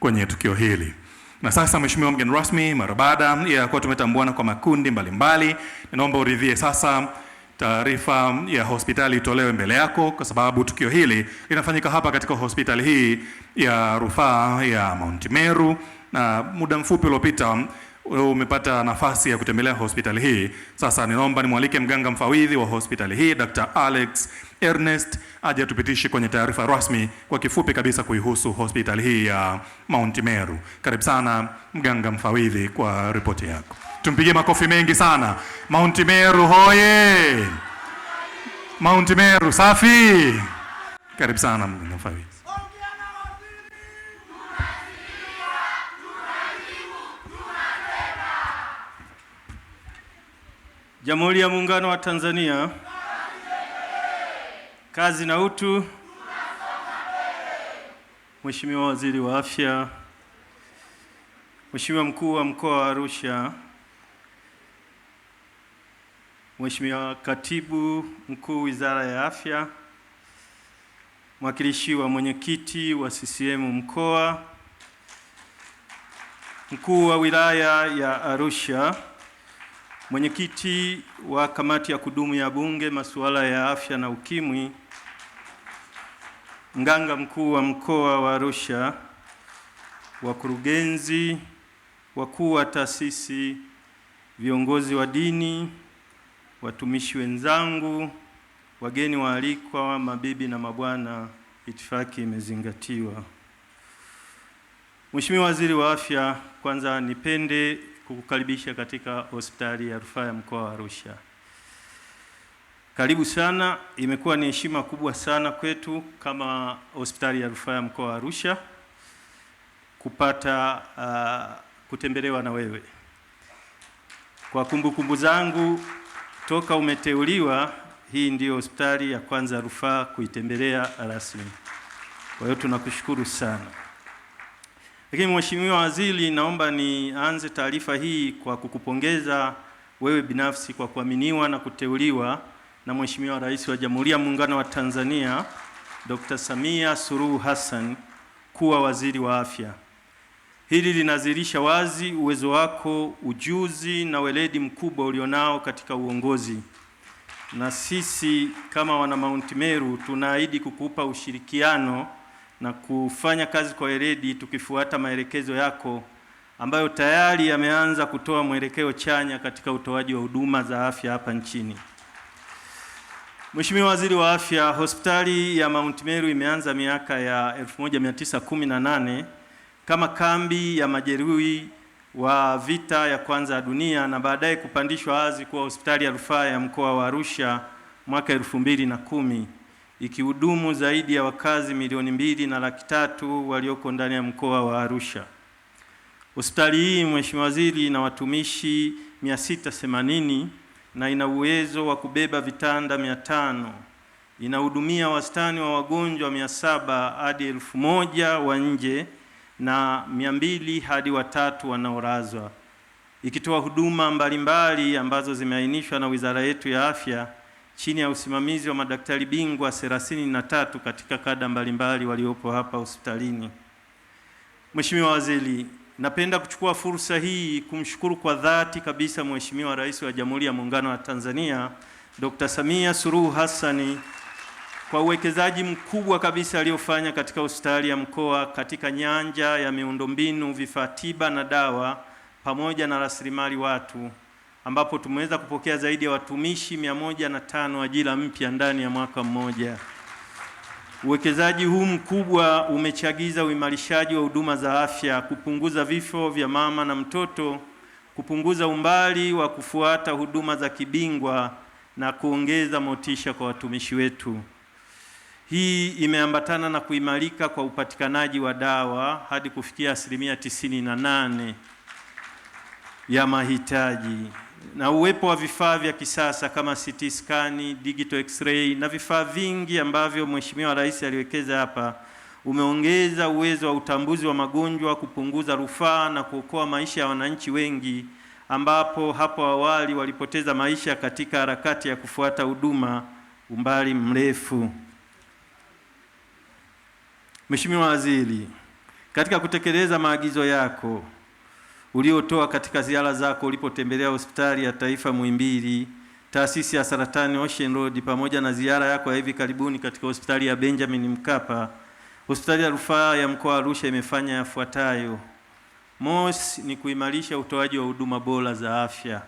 kwenye tukio hili. Na sasa, Mheshimiwa mgeni rasmi, mara baada ya kuwa tumetambuana kwa makundi mbalimbali, ninaomba uridhie sasa taarifa ya hospitali itolewe mbele yako, kwa sababu tukio hili linafanyika hapa katika hospitali hii ya rufaa ya Mount Meru, na muda mfupi uliopita umepata nafasi ya kutembelea hospitali hii. Sasa ninaomba nimwalike mganga mfawidhi wa hospitali hii Dr. Alex Ernest aje tupitishe kwenye taarifa rasmi kwa kifupi kabisa kuihusu hospitali hii ya Mount Meru. Karibu sana mganga mfawidhi kwa ripoti yako. Tumpigie makofi mengi sana. Mount Meru hoye! Mount Meru safi! Karibu sana mganga mfawidhi. Jamhuri ya Muungano wa Tanzania. Kazi na utu. Mheshimiwa Waziri wa Afya, Mheshimiwa Mkuu wa Mkoa wa Arusha, Mheshimiwa Katibu Mkuu Wizara ya Afya, mwakilishi wa mwenyekiti wa CCM mkoa, Mkuu wa Wilaya ya Arusha Mwenyekiti wa kamati ya kudumu ya Bunge masuala ya afya na ukimwi, mganga mkuu wa mkoa wa Arusha, wakurugenzi wakuu wa taasisi, viongozi wa dini, watumishi wenzangu, wageni waalikwa, mabibi na mabwana, itifaki imezingatiwa. Mheshimiwa Waziri wa Afya, kwanza nipende kukukaribisha katika hospitali ya rufaa ya mkoa wa Arusha. Karibu sana. Imekuwa ni heshima kubwa sana kwetu kama hospitali ya rufaa ya mkoa wa Arusha kupata uh, kutembelewa na wewe. Kwa kumbukumbu kumbu zangu toka umeteuliwa, hii ndiyo hospitali ya kwanza rufaa kuitembelea rasmi. Kwa hiyo tunakushukuru sana. Lakini Mheshimiwa Waziri, naomba nianze taarifa hii kwa kukupongeza wewe binafsi kwa kuaminiwa na kuteuliwa na Mheshimiwa Rais wa Jamhuri ya Muungano wa Tanzania Dr. Samia Suluhu Hassan kuwa waziri wa afya. Hili linadhihirisha wazi uwezo wako, ujuzi na weledi mkubwa ulionao katika uongozi, na sisi kama wana Mount Meru tunaahidi kukupa ushirikiano na kufanya kazi kwa weledi tukifuata maelekezo yako ambayo tayari yameanza kutoa mwelekeo chanya katika utoaji wa huduma za afya hapa nchini. Mheshimiwa Waziri wa Afya, hospitali ya Mount Meru imeanza miaka ya 1918 kama kambi ya majeruhi wa vita ya kwanza ya dunia na baadaye kupandishwa hadhi kuwa hospitali ya rufaa ya mkoa wa Arusha mwaka elfu mbili na kumi ikihudumu zaidi ya wakazi milioni mbili na laki tatu walioko ndani ya mkoa wa Arusha. Hospitali hii Mheshimiwa Waziri, ina watumishi 680 na ina uwezo wa kubeba vitanda 500. Inahudumia wastani wa wagonjwa 700 hadi 1000 wa nje na 200 hadi watatu wanaolazwa, ikitoa huduma mbalimbali ambazo zimeainishwa na Wizara yetu ya Afya chini ya usimamizi wa madaktari bingwa thelathini na tatu katika kada mbalimbali waliopo hapa hospitalini. Mheshimiwa Waziri, napenda kuchukua fursa hii kumshukuru kwa dhati kabisa Mheshimiwa Rais wa Jamhuri ya Muungano wa Tanzania Dr. Samia Suluhu Hassani kwa uwekezaji mkubwa kabisa aliyofanya katika hospitali ya mkoa katika nyanja ya miundombinu, vifaa tiba na dawa pamoja na rasilimali watu ambapo tumeweza kupokea zaidi ya watumishi tano ajira mpya ndani ya mwaka mmoja. Uwekezaji huu mkubwa umechagiza uimarishaji wa huduma za afya, kupunguza vifo vya mama na mtoto, kupunguza umbali wa kufuata huduma za kibingwa na kuongeza motisha kwa watumishi wetu. Hii imeambatana na kuimarika kwa upatikanaji wa dawa hadi kufikia asilimia 98 ya mahitaji na uwepo wa vifaa vya kisasa kama CT scan, digital x-ray na vifaa vingi ambavyo Mheshimiwa Rais aliwekeza hapa umeongeza uwezo wa utambuzi wa magonjwa, kupunguza rufaa na kuokoa maisha ya wananchi wengi, ambapo hapo awali walipoteza maisha katika harakati ya kufuata huduma umbali mrefu. Mheshimiwa Waziri, katika kutekeleza maagizo yako uliotoa katika ziara zako ulipotembelea hospitali ya taifa Muhimbili, taasisi ya saratani Ocean Road, pamoja na ziara yako ya hivi karibuni katika hospitali ya Benjamin Mkapa. Hospitali ya rufaa ya mkoa wa Arusha imefanya yafuatayo: Mosi ni kuimarisha utoaji wa huduma bora za afya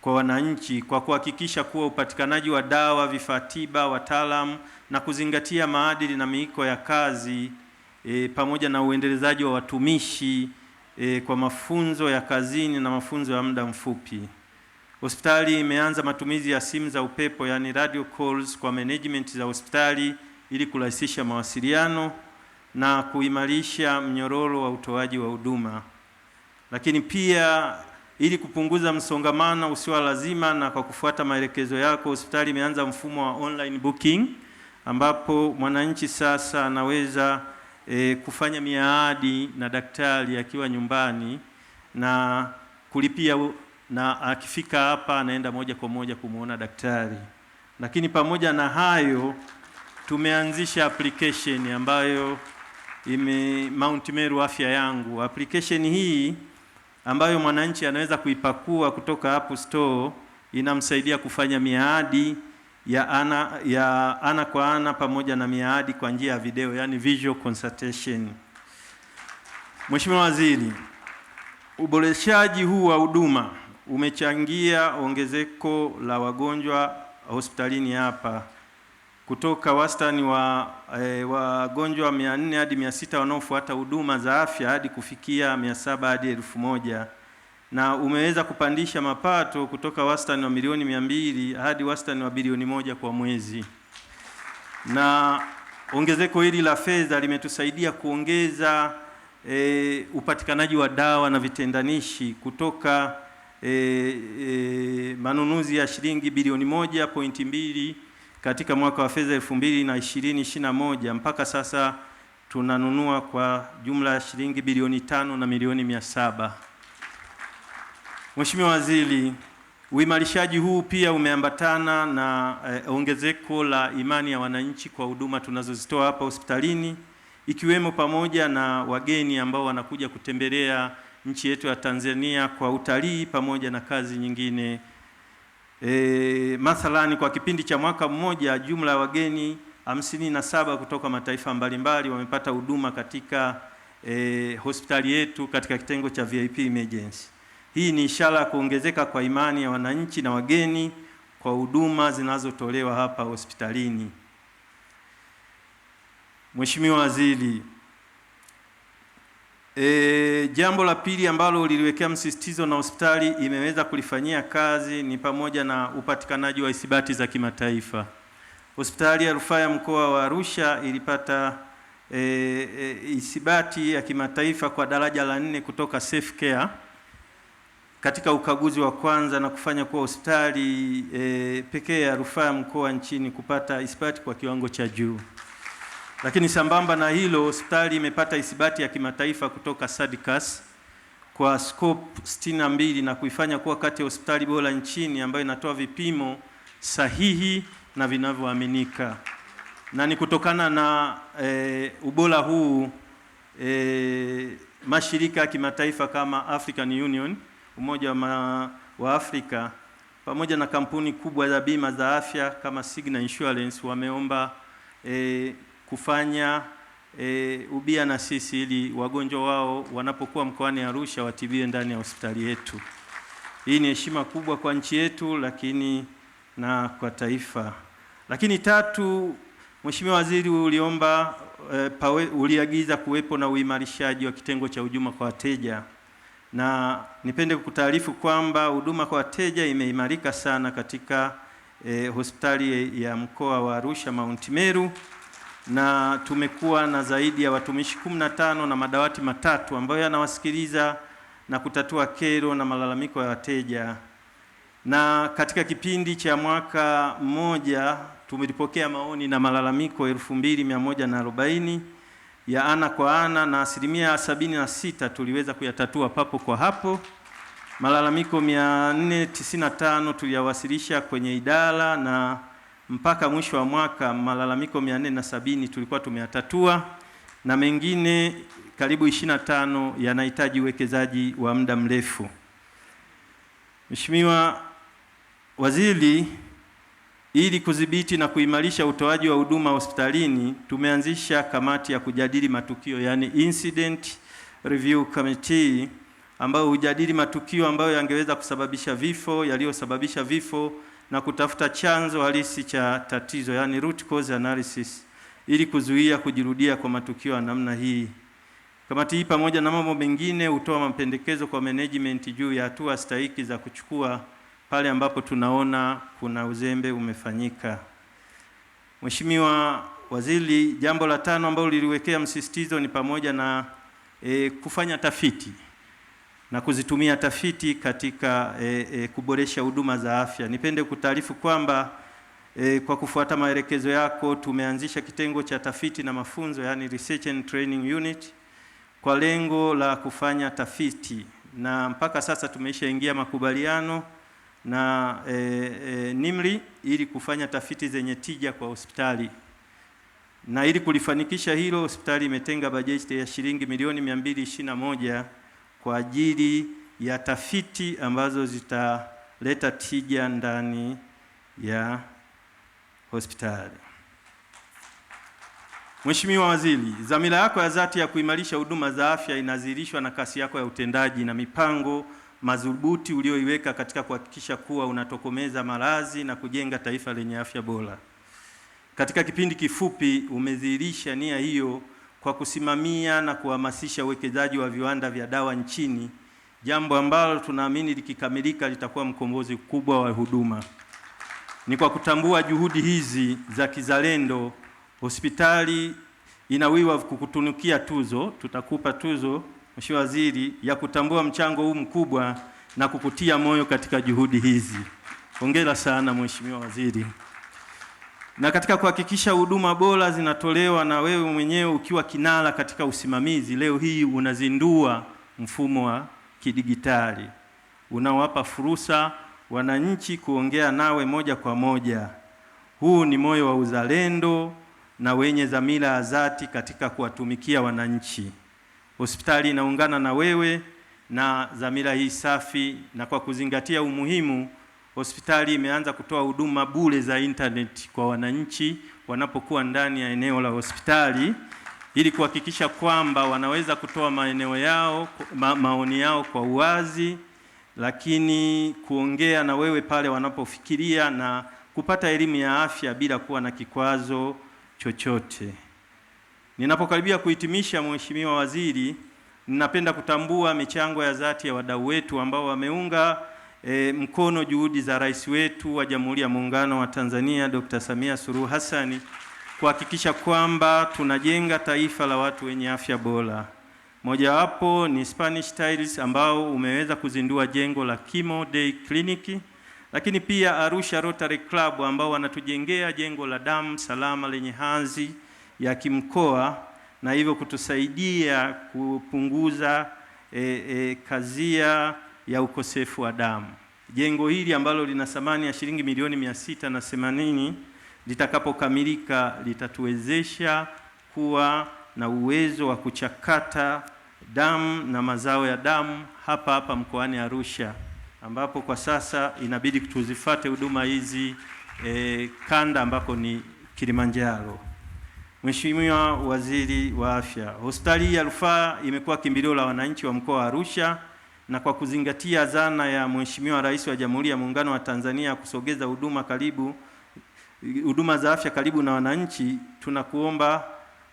kwa wananchi kwa kuhakikisha kuwa upatikanaji wa dawa, vifaa tiba, wataalamu na kuzingatia maadili na miiko ya kazi e, pamoja na uendelezaji wa watumishi e, kwa mafunzo ya kazini na mafunzo ya muda mfupi. Hospitali imeanza matumizi ya simu za upepo yani radio calls kwa management za hospitali ili kurahisisha mawasiliano na kuimarisha mnyororo wa utoaji wa huduma, lakini pia ili kupunguza msongamano usio lazima na kwa kufuata maelekezo yako, hospitali imeanza mfumo wa online booking ambapo mwananchi sasa anaweza e, kufanya miadi na daktari akiwa nyumbani na kulipia na akifika hapa anaenda moja kwa moja kumwona daktari. Lakini pamoja na hayo, tumeanzisha application ambayo ime Mount Meru afya yangu. Application hii ambayo mwananchi anaweza kuipakua kutoka hapo store, inamsaidia kufanya miadi ya ana, ya ana kwa ana pamoja na miadi kwa njia ya video, yani visual consultation. Mheshimiwa Waziri, uboreshaji huu wa huduma umechangia ongezeko la wagonjwa hospitalini hapa kutoka wastani wa e, wagonjwa 400 hadi 600 wanaofuata huduma za afya hadi kufikia 700 hadi 1000 na umeweza kupandisha mapato kutoka wastani wa milioni mia mbili hadi wastani wa bilioni moja kwa mwezi, na ongezeko hili la fedha limetusaidia kuongeza e, upatikanaji wa dawa na vitendanishi kutoka e, e, manunuzi ya shilingi bilioni moja pointi mbili katika mwaka wa fedha elfu mbili na ishirini ishirini na moja mpaka sasa tunanunua kwa jumla ya shilingi bilioni tano na milioni mia saba. Mheshimiwa Waziri, uimarishaji huu pia umeambatana na e, ongezeko la imani ya wananchi kwa huduma tunazozitoa hapa hospitalini ikiwemo pamoja na wageni ambao wanakuja kutembelea nchi yetu ya Tanzania kwa utalii pamoja na kazi nyingine. E, mathalani kwa kipindi cha mwaka mmoja jumla ya wageni hamsini na saba kutoka mataifa mbalimbali wamepata huduma katika e, hospitali yetu katika kitengo cha VIP emergency. Hii ni ishara ya kuongezeka kwa imani ya wananchi na wageni kwa huduma zinazotolewa hapa hospitalini. Mheshimiwa Waziri, e, jambo la pili ambalo liliwekea msisitizo na hospitali imeweza kulifanyia kazi ni pamoja na upatikanaji wa isibati za kimataifa. Hospitali ya Rufaa ya Mkoa wa Arusha ilipata e, e, isibati ya kimataifa kwa daraja la nne kutoka Safe Care katika ukaguzi wa kwanza na kufanya kuwa hospitali e, pekee ya rufaa mkoa nchini kupata isibati kwa kiwango cha juu. Lakini sambamba na hilo, hospitali imepata isibati ya kimataifa kutoka SADCAS kwa scope 62 na kuifanya kuwa kati ya hospitali bora nchini ambayo inatoa vipimo sahihi na vinavyoaminika. Na ni kutokana na e, ubora huu e, mashirika ya kimataifa kama African Union Umoja wa Afrika pamoja na kampuni kubwa za bima za afya kama Cigna Insurance wameomba e, kufanya e, ubia na sisi ili wagonjwa wao wanapokuwa mkoani Arusha watibiwe ndani ya hospitali yetu. Hii ni heshima kubwa kwa nchi yetu, lakini na kwa taifa. Lakini tatu, Mheshimiwa Waziri, uliomba e, pawe, uliagiza kuwepo na uimarishaji wa kitengo cha huduma kwa wateja na nipende kukutaarifu kwamba huduma kwa wateja imeimarika sana katika e, hospitali ya mkoa wa Arusha Mount Meru, na tumekuwa na zaidi ya watumishi 15 na madawati matatu ambayo yanawasikiliza na kutatua kero na malalamiko ya wateja. Na katika kipindi cha mwaka mmoja tumelipokea maoni na malalamiko 2140 ya ana kwa ana na asilimia sabini na sita tuliweza kuyatatua papo kwa hapo. Malalamiko 495 tuliyawasilisha kwenye idara na mpaka mwisho wa mwaka malalamiko 470 tulikuwa tumeyatatua, na mengine karibu 25 yanahitaji uwekezaji wa muda mrefu. Mheshimiwa Waziri ili kudhibiti na kuimarisha utoaji wa huduma hospitalini, tumeanzisha kamati ya kujadili matukio yani incident review committee, ambayo hujadili matukio ambayo yangeweza kusababisha vifo, yaliyosababisha vifo na kutafuta chanzo halisi cha tatizo yani root cause analysis, ili kuzuia kujirudia kwa matukio ya namna hii. Kamati hii pamoja na mambo mengine hutoa mapendekezo kwa management juu ya hatua stahiki za kuchukua pale ambapo tunaona kuna uzembe umefanyika. Mheshimiwa Waziri, jambo la tano ambalo liliwekea msisitizo ni pamoja na e, kufanya tafiti na kuzitumia tafiti katika e, e, kuboresha huduma za afya. Nipende kutaarifu kwamba e, kwa kufuata maelekezo yako tumeanzisha kitengo cha tafiti na mafunzo, yani research and training unit kwa lengo la kufanya tafiti, na mpaka sasa tumeishaingia makubaliano na e, e, NIMRI ili kufanya tafiti zenye tija kwa hospitali na ili kulifanikisha hilo, hospitali imetenga bajeti ya shilingi milioni 221 kwa ajili ya tafiti ambazo zitaleta tija ndani ya hospitali. Mheshimiwa Waziri, dhamira yako ya dhati ya kuimarisha huduma za afya inadhihirishwa na kasi yako ya utendaji na mipango madhubuti ulioiweka katika kuhakikisha kuwa unatokomeza maradhi na kujenga taifa lenye afya bora. Katika kipindi kifupi umedhihirisha nia hiyo kwa kusimamia na kuhamasisha uwekezaji wa viwanda vya dawa nchini, jambo ambalo tunaamini likikamilika litakuwa mkombozi mkubwa wa huduma. Ni kwa kutambua juhudi hizi za kizalendo, hospitali inawiwa kukutunukia tuzo, tutakupa tuzo Mheshimiwa Waziri, ya kutambua mchango huu mkubwa na kukutia moyo katika juhudi hizi. Hongera sana Mheshimiwa Waziri. Na katika kuhakikisha huduma bora zinatolewa na wewe mwenyewe ukiwa kinara katika usimamizi, leo hii unazindua mfumo wa kidigitali unaowapa fursa wananchi kuongea nawe moja kwa moja. Huu ni moyo wa uzalendo na wenye dhamira ya dhati katika kuwatumikia wananchi. Hospitali inaungana na wewe na dhamira hii safi, na kwa kuzingatia umuhimu, hospitali imeanza kutoa huduma bure za intaneti kwa wananchi wanapokuwa ndani ya eneo la hospitali ili kuhakikisha kwamba wanaweza kutoa maeneo yao ma, maoni yao kwa uwazi, lakini kuongea na wewe pale wanapofikiria na kupata elimu ya afya bila kuwa na kikwazo chochote. Ninapokaribia kuhitimisha, Mheshimiwa Waziri, ninapenda kutambua michango ya dhati ya wadau wetu ambao wameunga e, mkono juhudi za rais wetu wa Jamhuri ya Muungano wa Tanzania Dr. Samia Suluhu Hassan kuhakikisha kwamba tunajenga taifa la watu wenye afya bora. Mojawapo ni Spanish Tiles ambao umeweza kuzindua jengo la Kimo Day Clinic, lakini pia Arusha Rotary Club ambao wanatujengea jengo la damu salama lenye hanzi ya kimkoa na hivyo kutusaidia kupunguza e, e, kazia ya ukosefu wa damu. Jengo hili ambalo lina thamani ya shilingi milioni mia sita na themanini litakapokamilika litatuwezesha kuwa na uwezo wa kuchakata damu na mazao ya damu hapa hapa mkoani Arusha, ambapo kwa sasa inabidi tuzifate huduma hizi e, kanda ambako ni Kilimanjaro. Mheshimiwa Waziri wa Afya, hospitali ya rufaa imekuwa kimbilio la wananchi wa mkoa wa Arusha na kwa kuzingatia zana ya Mheshimiwa Rais wa Jamhuri ya Muungano wa Tanzania kusogeza huduma karibu huduma za afya karibu na wananchi, tunakuomba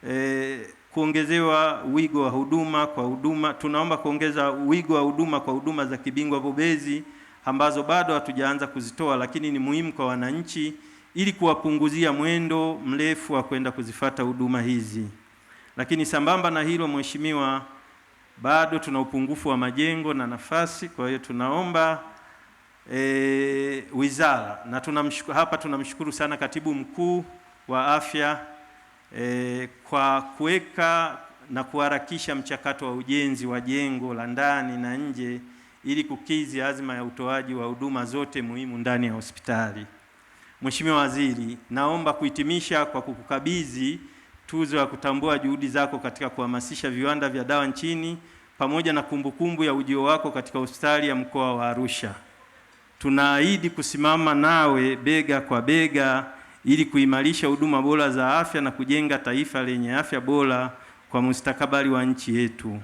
eh, kuongezewa wigo wa huduma kwa huduma. Tunaomba kuongeza wigo wa huduma kwa huduma za kibingwa bobezi ambazo bado hatujaanza kuzitoa, lakini ni muhimu kwa wananchi ili kuwapunguzia mwendo mrefu wa kwenda kuzifata huduma hizi. Lakini sambamba na hilo, mheshimiwa, bado tuna upungufu wa majengo na nafasi, kwa hiyo tunaomba e, wizara na tunamshukuru, hapa tunamshukuru sana katibu mkuu wa afya e, kwa kuweka na kuharakisha mchakato wa ujenzi wa jengo la ndani na nje ili kukidhi azma ya utoaji wa huduma zote muhimu ndani ya hospitali. Mheshimiwa Waziri, naomba kuhitimisha kwa kukukabidhi tuzo ya kutambua juhudi zako katika kuhamasisha viwanda vya dawa nchini pamoja na kumbukumbu ya ujio wako katika hospitali ya mkoa wa Arusha. Tunaahidi kusimama nawe bega kwa bega ili kuimarisha huduma bora za afya na kujenga taifa lenye afya bora kwa mustakabali wa nchi yetu.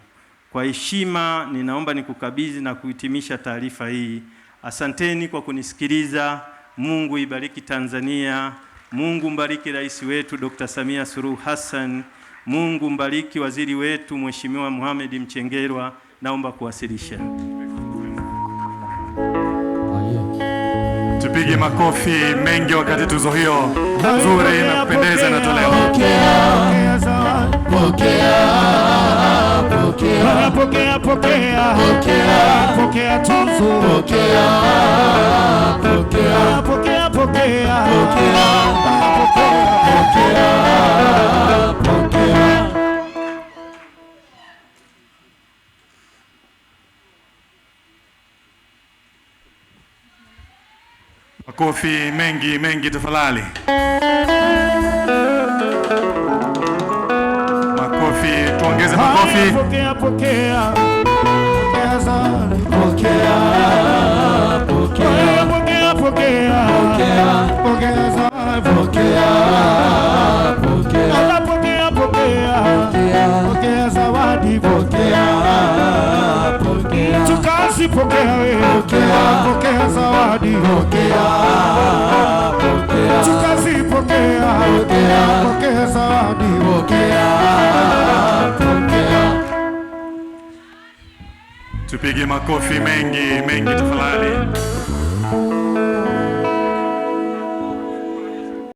Kwa heshima, ninaomba nikukabidhi na kuhitimisha taarifa hii. Asanteni kwa kunisikiliza. Mungu ibariki Tanzania. Mungu mbariki rais wetu Dr. Samia Suluhu Hassan. Mungu mbariki waziri wetu Mheshimiwa Mohamed Mchengerwa. Naomba kuwasilisha. Tupige makofi mengi wakati tuzo hiyo nzuri na kupendeza inatolewa. Pokea tuzo. Makofi mengi mengi tafadhali. Makofi, tuongeze makofi. Pokea, pokea. Pokea pokea. Pokea, pokea. Pokea, pokea. Pokea. pokea, pokea, tukazipokea, pokea, pokea zawadi, pokea, pokea. Tupige makofi mengi mengi tafadhali.